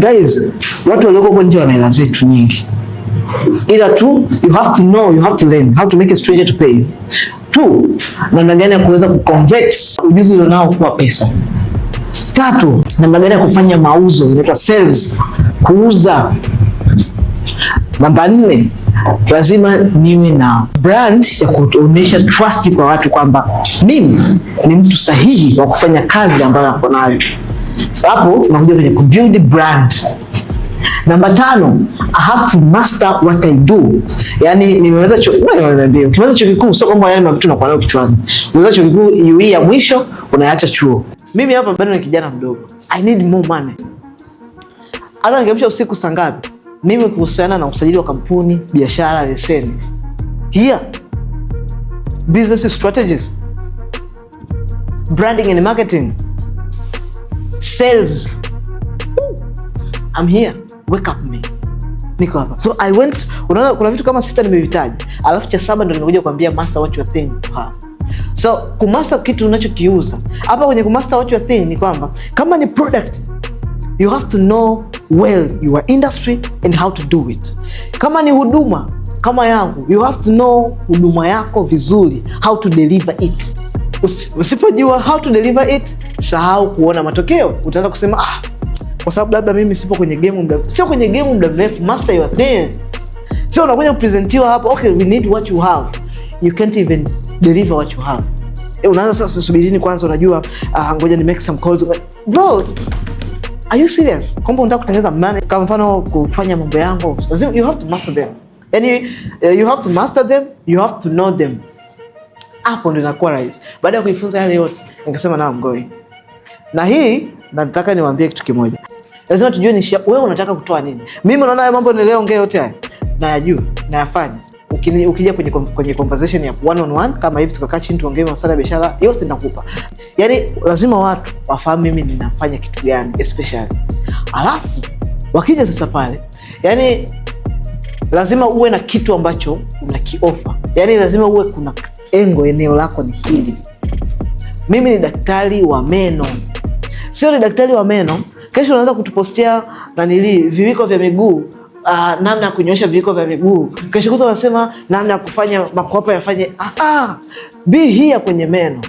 Guys, watu walioko huko nje wanaelezea zetu nyingi, ila tu you have to know, you have to learn how to make a stranger to pay tu, namna gani ya kuweza kuconvert ujuzi ulionao kuwa pesa. Tatu, namna gani ya kufanya mauzo, inaitwa sales, kuuza. Namba nne, lazima niwe na brand ya kuonyesha trust kwa watu kwamba mimi ni mtu sahihi wa kufanya kazi ambayo ako nayo. Hapo nakuja kwenye kubuild brand. Namba tano, I have to master what I do. Yani nimeweza chuo, ukimaliza chuo kikuu sio kwamba yale yaani mambo unakuwa nayo kichwani. Unaweza chuo kikuu ya mwisho unaacha chuo. Mimi hapa bado ni kijana mdogo. I need more money. Hata ningeamsha usiku saa ngapi? Mimi kuhusiana na usajili wa kampuni, biashara, leseni. Here. Business strategies. Branding and marketing sales. I'm here. Wake up me. Niko hapa. So I went, unaona kuna vitu kama sita nimevitaja. Alafu cha saba ndio nimekuja kuambia master what you think. Ha. So kumaster kitu unachokiuza. Hapa kwenye kumaster what you think ni kwamba kama ni product you have to know well your industry and how to do it. Kama ni huduma kama yangu you have to know huduma yako vizuri, how to deliver it. Usipojua how to deliver it sahau kuona matokeo. Utaanza kusema ah, kwa sababu labda mimi sipo kwenye game muda, sio kwenye game muda mrefu. Master your thing, sio unakuja kupresentiwa hapo, okay we need what you have, you can't even deliver what you have. E, unaanza sasa, subirini kwanza, unajua uh, ngoja ni make some calls bro. Are you serious? Kwamba unataka kutengeneza money, kwa mfano kufanya mambo yangu, you have to master them yani, uh, eh, you have to master them, you have to know them. Hapo ndo inakuwa rahisi. Baada ya kuifunza yale yote, nikasema now I'm going na hii na nataka niwaambie kitu kimoja, lazima tujue ni wewe unataka kutoa nini. Mimi naona hayo mambo niliyoongea yote haya nayajua, nayafanya. Ukija kwenye kwenye conversation ya one on one kama hivi, tukakaa chini tuongee masuala ya biashara yote, nakupa yani, lazima watu wafahamu mimi ninafanya kitu gani especially. Alafu wakija sasa pale, yani lazima uwe na kitu ambacho unakiofa, yani lazima uwe kuna engo, eneo lako ni hili, mimi ni daktari wa meno Sio ni daktari wa meno, kesho unaweza kutupostia nanili viwiko vya miguu Uh, namna ya kunyosha viwiko vya miguu, kesho kutwa wanasema namna ya kufanya makopo yafanye. Ah, ah, hii ya kwenye meno.